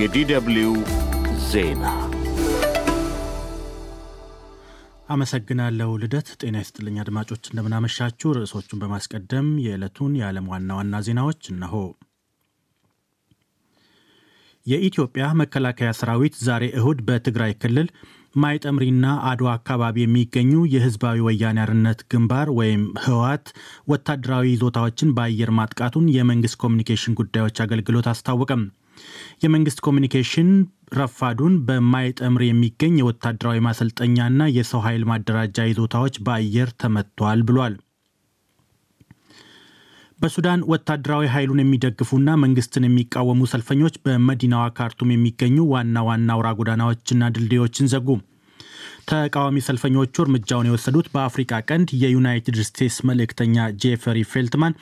የዲደብልዩ ዜና አመሰግናለሁ ልደት። ጤና ይስጥልኝ አድማጮች፣ እንደምናመሻችሁ። ርዕሶቹን በማስቀደም የዕለቱን የዓለም ዋና ዋና ዜናዎች እነሆ። የኢትዮጵያ መከላከያ ሰራዊት ዛሬ እሁድ በትግራይ ክልል ማይጠምሪና አድዋ አካባቢ የሚገኙ የህዝባዊ ወያኔ አርነት ግንባር ወይም ህወሓት ወታደራዊ ይዞታዎችን በአየር ማጥቃቱን የመንግስት ኮሚኒኬሽን ጉዳዮች አገልግሎት አስታወቀም። የመንግስት ኮሚኒኬሽን ረፋዱን በማይጠምር የሚገኝ የወታደራዊ ማሰልጠኛና የሰው ኃይል ማደራጃ ይዞታዎች በአየር ተመቷል ብሏል። በሱዳን ወታደራዊ ኃይሉን የሚደግፉና መንግስትን የሚቃወሙ ሰልፈኞች በመዲናዋ ካርቱም የሚገኙ ዋና ዋና አውራ ጎዳናዎችና ድልድዮችን ዘጉ። ተቃዋሚ ሰልፈኞቹ እርምጃውን የወሰዱት በአፍሪካ ቀንድ የዩናይትድ ስቴትስ መልእክተኛ ጄፈሪ ፌልትማን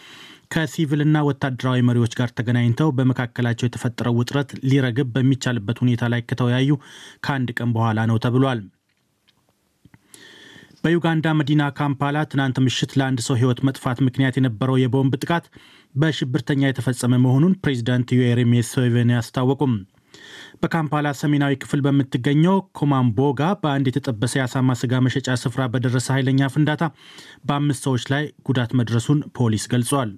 ከሲቪልና ወታደራዊ መሪዎች ጋር ተገናኝተው በመካከላቸው የተፈጠረው ውጥረት ሊረግብ በሚቻልበት ሁኔታ ላይ ከተወያዩ ከአንድ ቀን በኋላ ነው ተብሏል። በዩጋንዳ መዲና ካምፓላ ትናንት ምሽት ለአንድ ሰው ሕይወት መጥፋት ምክንያት የነበረው የቦምብ ጥቃት በሽብርተኛ የተፈጸመ መሆኑን ፕሬዚዳንት ዩዌሪ ሙሴቬኒ አስታወቁም። በካምፓላ ሰሜናዊ ክፍል በምትገኘው ኮማምቦጋ በአንድ የተጠበሰ የአሳማ ስጋ መሸጫ ስፍራ በደረሰ ኃይለኛ ፍንዳታ በአምስት ሰዎች ላይ ጉዳት መድረሱን ፖሊስ ገልጿል።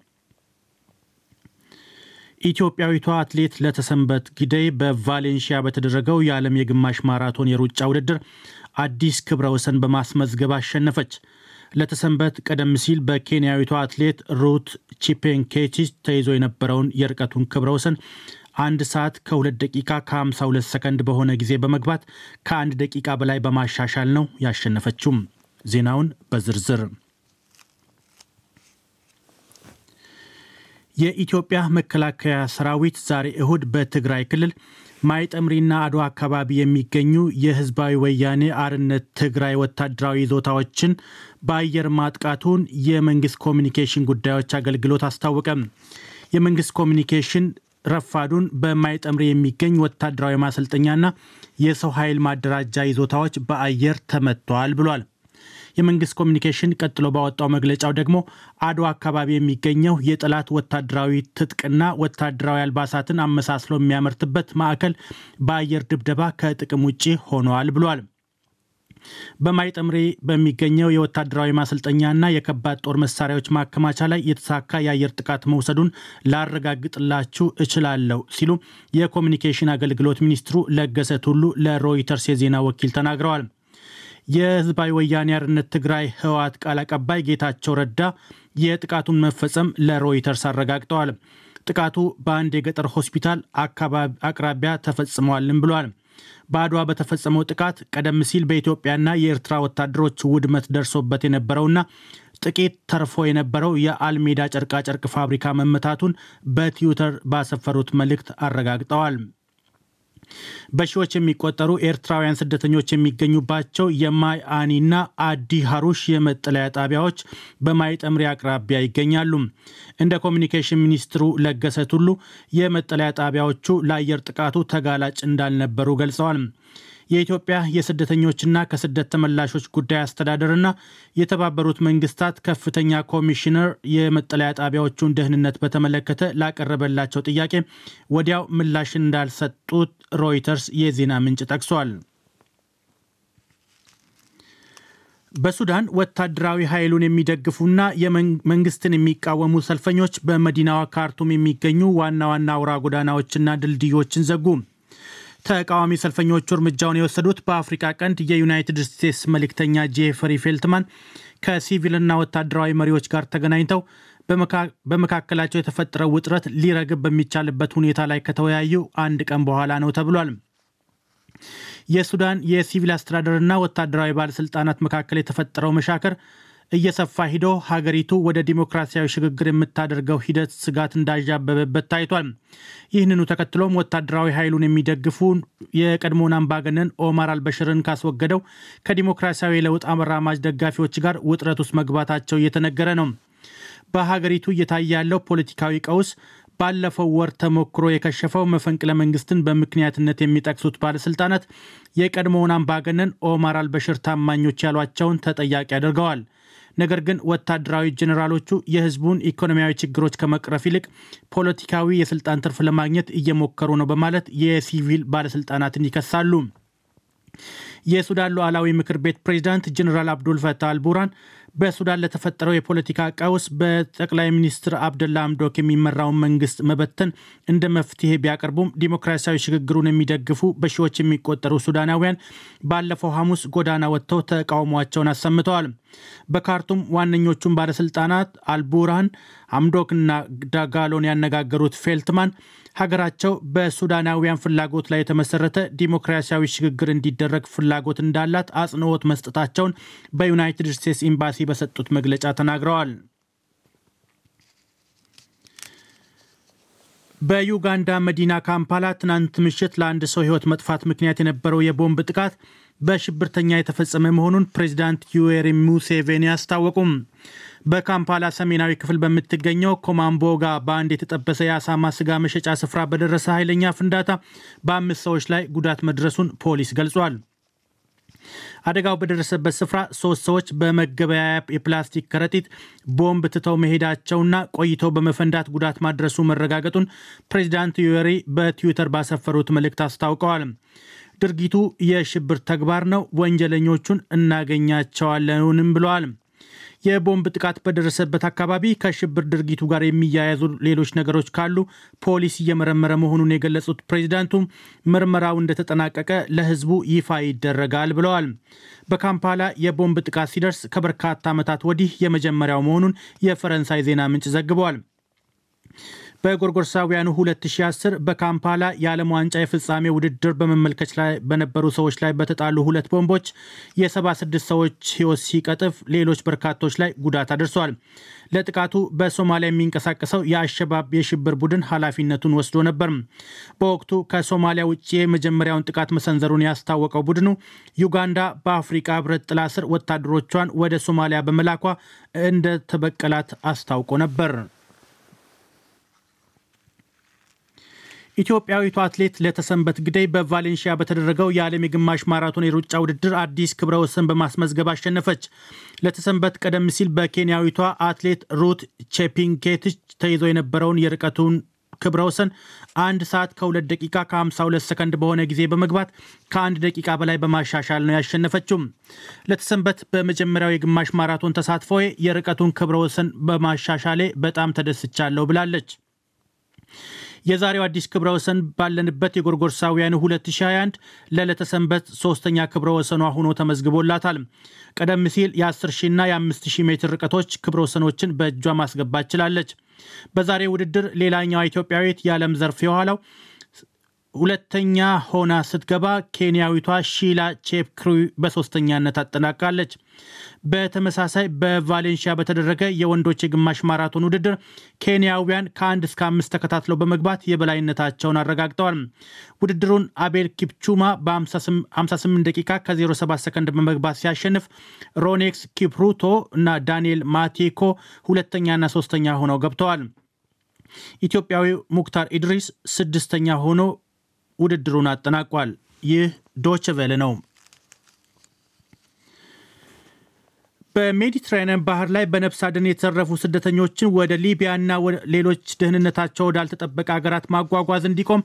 ኢትዮጵያዊቷ አትሌት ለተሰንበት ጊደይ በቫሌንሺያ በተደረገው የዓለም የግማሽ ማራቶን የሩጫ ውድድር አዲስ ክብረ ወሰን በማስመዝገብ አሸነፈች። ለተሰንበት ቀደም ሲል በኬንያዊቷ አትሌት ሩት ቺፔንኬቺ ተይዞ የነበረውን የርቀቱን ክብረ ወሰን አንድ ሰዓት ከ2 ደቂቃ ከ52 ሰከንድ በሆነ ጊዜ በመግባት ከአንድ ደቂቃ በላይ በማሻሻል ነው ያሸነፈችውም። ዜናውን በዝርዝር የኢትዮጵያ መከላከያ ሰራዊት ዛሬ እሁድ በትግራይ ክልል ማይጠምሪና አድዋ አካባቢ የሚገኙ የህዝባዊ ወያኔ አርነት ትግራይ ወታደራዊ ይዞታዎችን በአየር ማጥቃቱን የመንግስት ኮሚኒኬሽን ጉዳዮች አገልግሎት አስታወቀም። የመንግስት ኮሚኒኬሽን ረፋዱን በማይጠምሪ የሚገኝ ወታደራዊ ማሰልጠኛና የሰው ኃይል ማደራጃ ይዞታዎች በአየር ተመትተዋል ብሏል። የመንግስት ኮሚኒኬሽን ቀጥሎ ባወጣው መግለጫው ደግሞ አድዋ አካባቢ የሚገኘው የጠላት ወታደራዊ ትጥቅና ወታደራዊ አልባሳትን አመሳስሎ የሚያመርትበት ማዕከል በአየር ድብደባ ከጥቅም ውጭ ሆነዋል ብሏል። በማይጠምሬ በሚገኘው የወታደራዊ ማሰልጠኛና የከባድ ጦር መሳሪያዎች ማከማቻ ላይ የተሳካ የአየር ጥቃት መውሰዱን ላረጋግጥላችሁ እችላለሁ ሲሉ የኮሚኒኬሽን አገልግሎት ሚኒስትሩ ለገሰ ቱሉ ለሮይተርስ የዜና ወኪል ተናግረዋል። የህዝባዊ ወያኔ አርነት ትግራይ ህወሓት ቃል አቀባይ ጌታቸው ረዳ የጥቃቱን መፈጸም ለሮይተርስ አረጋግጠዋል። ጥቃቱ በአንድ የገጠር ሆስፒታል አካባቢ አቅራቢያ ተፈጽመዋልም ብሏል። በአድዋ በተፈጸመው ጥቃት ቀደም ሲል በኢትዮጵያና የኤርትራ ወታደሮች ውድመት ደርሶበት የነበረውና ጥቂት ተርፎ የነበረው የአልሜዳ ጨርቃጨርቅ ፋብሪካ መመታቱን በትዊተር ባሰፈሩት መልእክት አረጋግጠዋል። በሺዎች የሚቆጠሩ ኤርትራውያን ስደተኞች የሚገኙባቸው የማይ አኒና አዲ ሀሩሽ የመጠለያ ጣቢያዎች በማይጠምሪ አቅራቢያ ይገኛሉ። እንደ ኮሚኒኬሽን ሚኒስትሩ ለገሰ ቱሉ የመጠለያ ጣቢያዎቹ ለአየር ጥቃቱ ተጋላጭ እንዳልነበሩ ገልጸዋል። የኢትዮጵያ የስደተኞችና ከስደት ተመላሾች ጉዳይ አስተዳደርና የተባበሩት መንግስታት ከፍተኛ ኮሚሽነር የመጠለያ ጣቢያዎቹን ደህንነት በተመለከተ ላቀረበላቸው ጥያቄ ወዲያው ምላሽ እንዳልሰጡት ሮይተርስ የዜና ምንጭ ጠቅሷል። በሱዳን ወታደራዊ ኃይሉን የሚደግፉና መንግስትን የሚቃወሙ ሰልፈኞች በመዲናዋ ካርቱም የሚገኙ ዋና ዋና አውራ ጎዳናዎችና ድልድዮችን ዘጉ። ተቃዋሚ ሰልፈኞቹ እርምጃውን የወሰዱት በአፍሪካ ቀንድ የዩናይትድ ስቴትስ መልእክተኛ ጄፈሪ ፌልትማን ከሲቪልና ወታደራዊ መሪዎች ጋር ተገናኝተው በመካከላቸው የተፈጠረው ውጥረት ሊረግብ በሚቻልበት ሁኔታ ላይ ከተወያዩ አንድ ቀን በኋላ ነው ተብሏል። የሱዳን የሲቪል አስተዳደርና ወታደራዊ ባለስልጣናት መካከል የተፈጠረው መሻከር እየሰፋ ሂዶ ሀገሪቱ ወደ ዲሞክራሲያዊ ሽግግር የምታደርገው ሂደት ስጋት እንዳዣበበበት ታይቷል። ይህንኑ ተከትሎም ወታደራዊ ኃይሉን የሚደግፉ የቀድሞውን አምባገነን ኦማር አልበሽርን ካስወገደው ከዲሞክራሲያዊ ለውጥ አራማጅ ደጋፊዎች ጋር ውጥረት ውስጥ መግባታቸው እየተነገረ ነው። በሀገሪቱ እየታየ ያለው ፖለቲካዊ ቀውስ ባለፈው ወር ተሞክሮ የከሸፈው መፈንቅለ መንግስትን በምክንያትነት የሚጠቅሱት ባለስልጣናት የቀድሞውን አምባገነን ኦማር አልበሽር ታማኞች ያሏቸውን ተጠያቂ አድርገዋል። ነገር ግን ወታደራዊ ጀኔራሎቹ የህዝቡን ኢኮኖሚያዊ ችግሮች ከመቅረፍ ይልቅ ፖለቲካዊ የስልጣን ትርፍ ለማግኘት እየሞከሩ ነው በማለት የሲቪል ባለስልጣናትን ይከሳሉ። የሱዳን ሉዓላዊ ምክር ቤት ፕሬዚዳንት ጀኔራል አብዱል ፈታህ አልቡራን በሱዳን ለተፈጠረው የፖለቲካ ቀውስ በጠቅላይ ሚኒስትር አብደላ አምዶክ የሚመራውን መንግስት መበተን እንደ መፍትሄ ቢያቀርቡም ዲሞክራሲያዊ ሽግግሩን የሚደግፉ በሺዎች የሚቆጠሩ ሱዳናውያን ባለፈው ሐሙስ ጎዳና ወጥተው ተቃውሟቸውን አሰምተዋል። በካርቱም ዋነኞቹን ባለስልጣናት አልቡርሃን፣ አምዶክና ዳጋሎን ያነጋገሩት ፌልትማን ሀገራቸው በሱዳናውያን ፍላጎት ላይ የተመሰረተ ዲሞክራሲያዊ ሽግግር እንዲደረግ ፍላጎት እንዳላት አጽንኦት መስጠታቸውን በዩናይትድ ስቴትስ ኤምባሲ በሰጡት መግለጫ ተናግረዋል። በዩጋንዳ መዲና ካምፓላ ትናንት ምሽት ለአንድ ሰው ሕይወት መጥፋት ምክንያት የነበረው የቦምብ ጥቃት በሽብርተኛ የተፈጸመ መሆኑን ፕሬዚዳንት ዩዌሪ ሙሴቬኒ አስታወቁም። በካምፓላ ሰሜናዊ ክፍል በምትገኘው ኮማምቦጋ በአንድ የተጠበሰ የአሳማ ስጋ መሸጫ ስፍራ በደረሰ ኃይለኛ ፍንዳታ በአምስት ሰዎች ላይ ጉዳት መድረሱን ፖሊስ ገልጿል። አደጋው በደረሰበት ስፍራ ሶስት ሰዎች በመገበያያ የፕላስቲክ ከረጢት ቦምብ ትተው መሄዳቸውና ቆይተው በመፈንዳት ጉዳት ማድረሱ መረጋገጡን ፕሬዚዳንት ዩዌሪ በትዊተር ባሰፈሩት መልእክት አስታውቀዋል። ድርጊቱ የሽብር ተግባር ነው፣ ወንጀለኞቹን እናገኛቸዋለንም ብለዋል። የቦምብ ጥቃት በደረሰበት አካባቢ ከሽብር ድርጊቱ ጋር የሚያያዙ ሌሎች ነገሮች ካሉ ፖሊስ እየመረመረ መሆኑን የገለጹት ፕሬዚዳንቱ ምርመራው እንደተጠናቀቀ ለሕዝቡ ይፋ ይደረጋል ብለዋል። በካምፓላ የቦምብ ጥቃት ሲደርስ ከበርካታ ዓመታት ወዲህ የመጀመሪያው መሆኑን የፈረንሳይ ዜና ምንጭ ዘግበዋል። በጎርጎርሳውያኑ 2010 በካምፓላ የዓለም ዋንጫ የፍጻሜ ውድድር በመመልከት ላይ በነበሩ ሰዎች ላይ በተጣሉ ሁለት ቦምቦች የ76 ሰዎች ሕይወት ሲቀጥፍ ሌሎች በርካቶች ላይ ጉዳት አድርሷል። ለጥቃቱ በሶማሊያ የሚንቀሳቀሰው የአሸባብ የሽብር ቡድን ኃላፊነቱን ወስዶ ነበር። በወቅቱ ከሶማሊያ ውጭ የመጀመሪያውን ጥቃት መሰንዘሩን ያስታወቀው ቡድኑ ዩጋንዳ በአፍሪቃ ህብረት ጥላ ስር ወታደሮቿን ወደ ሶማሊያ በመላኳ እንደተበቀላት አስታውቆ ነበር። ኢትዮጵያዊቱ አትሌት ለተሰንበት ግደይ በቫሌንሺያ በተደረገው የዓለም የግማሽ ማራቶን የሩጫ ውድድር አዲስ ክብረ ወሰን በማስመዝገብ አሸነፈች። ለተሰንበት ቀደም ሲል በኬንያዊቷ አትሌት ሩት ቼፒንኬትች ተይዞ የነበረውን የርቀቱን ክብረ ወሰን አንድ ሰዓት ከሁለት ደቂቃ ከ52 ሰከንድ በሆነ ጊዜ በመግባት ከአንድ ደቂቃ በላይ በማሻሻል ነው ያሸነፈችው። ለተሰንበት በመጀመሪያው የግማሽ ማራቶን ተሳትፎ የርቀቱን ክብረ ወሰን በማሻሻሌ በጣም ተደስቻለሁ ብላለች። የዛሬው አዲስ ክብረ ወሰን ባለንበት የጎርጎርሳውያን 2021 ለዕለተ ሰንበት ሶስተኛ ክብረ ወሰኗ ሆኖ ተመዝግቦላታል። ቀደም ሲል የ10 ሺና የ5 ሺ ሜትር ርቀቶች ክብረ ወሰኖችን በእጇ ማስገባት ችላለች። በዛሬ ውድድር ሌላኛዋ ኢትዮጵያዊት የዓለም ዘርፍ የኋላው ሁለተኛ ሆና ስትገባ ኬንያዊቷ ሺላ ቼፕክሩ በሶስተኛነት አጠናቃለች። በተመሳሳይ በቫሌንሺያ በተደረገ የወንዶች የግማሽ ማራቶን ውድድር ኬንያውያን ከአንድ እስከ አምስት ተከታትለው በመግባት የበላይነታቸውን አረጋግጠዋል። ውድድሩን አቤል ኪፕቹማ በ58 ደቂቃ ከ07 ሰከንድ በመግባት ሲያሸንፍ፣ ሮኔክስ ኪፕሩቶ እና ዳንኤል ማቴኮ ሁለተኛና ሶስተኛ ሆነው ገብተዋል። ኢትዮጵያዊ ሙክታር ኢድሪስ ስድስተኛ ሆኖ ውድድሩን አጠናቋል። ይህ ዶችቬለ ነው። በሜዲትራኒያን ባህር ላይ በነፍስ አድን የተሰረፉ ስደተኞችን ወደ ሊቢያና ሌሎች ደህንነታቸው ወዳልተጠበቀ ሀገራት ማጓጓዝ እንዲቆም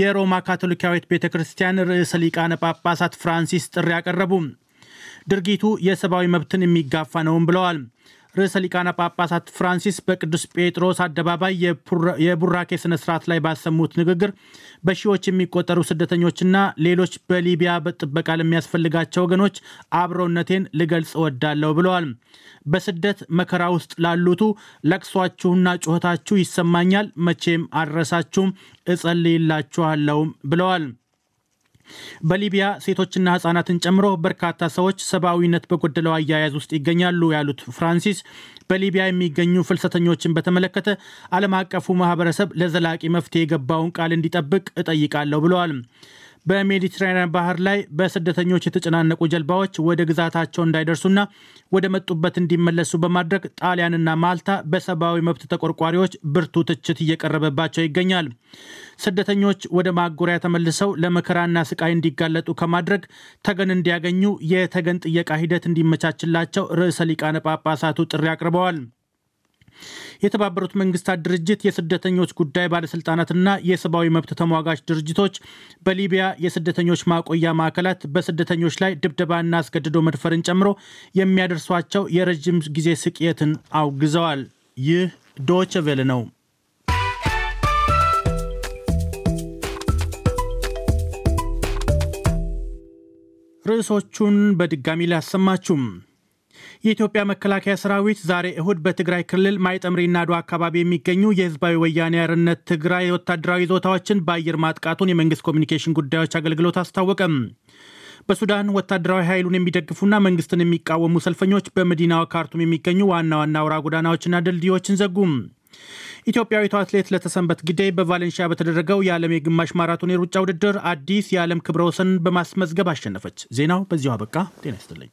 የሮማ ካቶሊካዊት ቤተ ክርስቲያን ርዕሰ ሊቃነ ጳጳሳት ፍራንሲስ ጥሪ አቀረቡ። ድርጊቱ የሰብአዊ መብትን የሚጋፋ ነውም ብለዋል። ርዕሰ ሊቃነ ጳጳሳት ፍራንሲስ በቅዱስ ጴጥሮስ አደባባይ የቡራኬ ስነ ስርዓት ላይ ባሰሙት ንግግር በሺዎች የሚቆጠሩ ስደተኞችና ሌሎች በሊቢያ በጥበቃ ለሚያስፈልጋቸው ወገኖች አብሮነቴን ልገልጽ ወዳለሁ ብለዋል። በስደት መከራ ውስጥ ላሉቱ ለቅሷችሁና ጩኸታችሁ ይሰማኛል፣ መቼም አልረሳችሁም፣ እጸልይላችኋለሁም ብለዋል። በሊቢያ ሴቶችና ህጻናትን ጨምሮ በርካታ ሰዎች ሰብአዊነት በጎደለው አያያዝ ውስጥ ይገኛሉ ያሉት ፍራንሲስ በሊቢያ የሚገኙ ፍልሰተኞችን በተመለከተ ዓለም አቀፉ ማህበረሰብ ለዘላቂ መፍትሄ የገባውን ቃል እንዲጠብቅ እጠይቃለሁ ብለዋል። በሜዲትራኒያን ባህር ላይ በስደተኞች የተጨናነቁ ጀልባዎች ወደ ግዛታቸው እንዳይደርሱና ወደ መጡበት እንዲመለሱ በማድረግ ጣሊያንና ማልታ በሰብአዊ መብት ተቆርቋሪዎች ብርቱ ትችት እየቀረበባቸው ይገኛል። ስደተኞች ወደ ማጎሪያ ተመልሰው ለመከራና ስቃይ እንዲጋለጡ ከማድረግ ተገን እንዲያገኙ የተገን ጥየቃ ሂደት እንዲመቻችላቸው ርዕሰ ሊቃነ ጳጳሳቱ ጥሪ አቅርበዋል። የተባበሩት መንግስታት ድርጅት የስደተኞች ጉዳይ ባለስልጣናትና የሰብአዊ መብት ተሟጋች ድርጅቶች በሊቢያ የስደተኞች ማቆያ ማዕከላት በስደተኞች ላይ ድብደባና አስገድዶ መድፈርን ጨምሮ የሚያደርሷቸው የረዥም ጊዜ ስቅየትን አውግዘዋል። ይህ ዶች ቬለ ነው። ርዕሶቹን በድጋሚ ላሰማችሁም። የኢትዮጵያ መከላከያ ሰራዊት ዛሬ እሁድ በትግራይ ክልል ማይጠምሪና አድዋ አካባቢ የሚገኙ የህዝባዊ ወያኔ አርነት ትግራይ ወታደራዊ ይዞታዎችን በአየር ማጥቃቱን የመንግስት ኮሚኒኬሽን ጉዳዮች አገልግሎት አስታወቀም። በሱዳን ወታደራዊ ኃይሉን የሚደግፉና መንግስትን የሚቃወሙ ሰልፈኞች በመዲናዋ ካርቱም የሚገኙ ዋና ዋና አውራ ጎዳናዎችና ድልድዮችን ዘጉም። ኢትዮጵያዊቷ አትሌት ለተሰንበት ጊዴ በቫሌንሺያ በተደረገው የዓለም የግማሽ ማራቶን የሩጫ ውድድር አዲስ የዓለም ክብረ ወሰን በማስመዝገብ አሸነፈች። ዜናው በዚሁ አበቃ። ጤና ይስጥልኝ።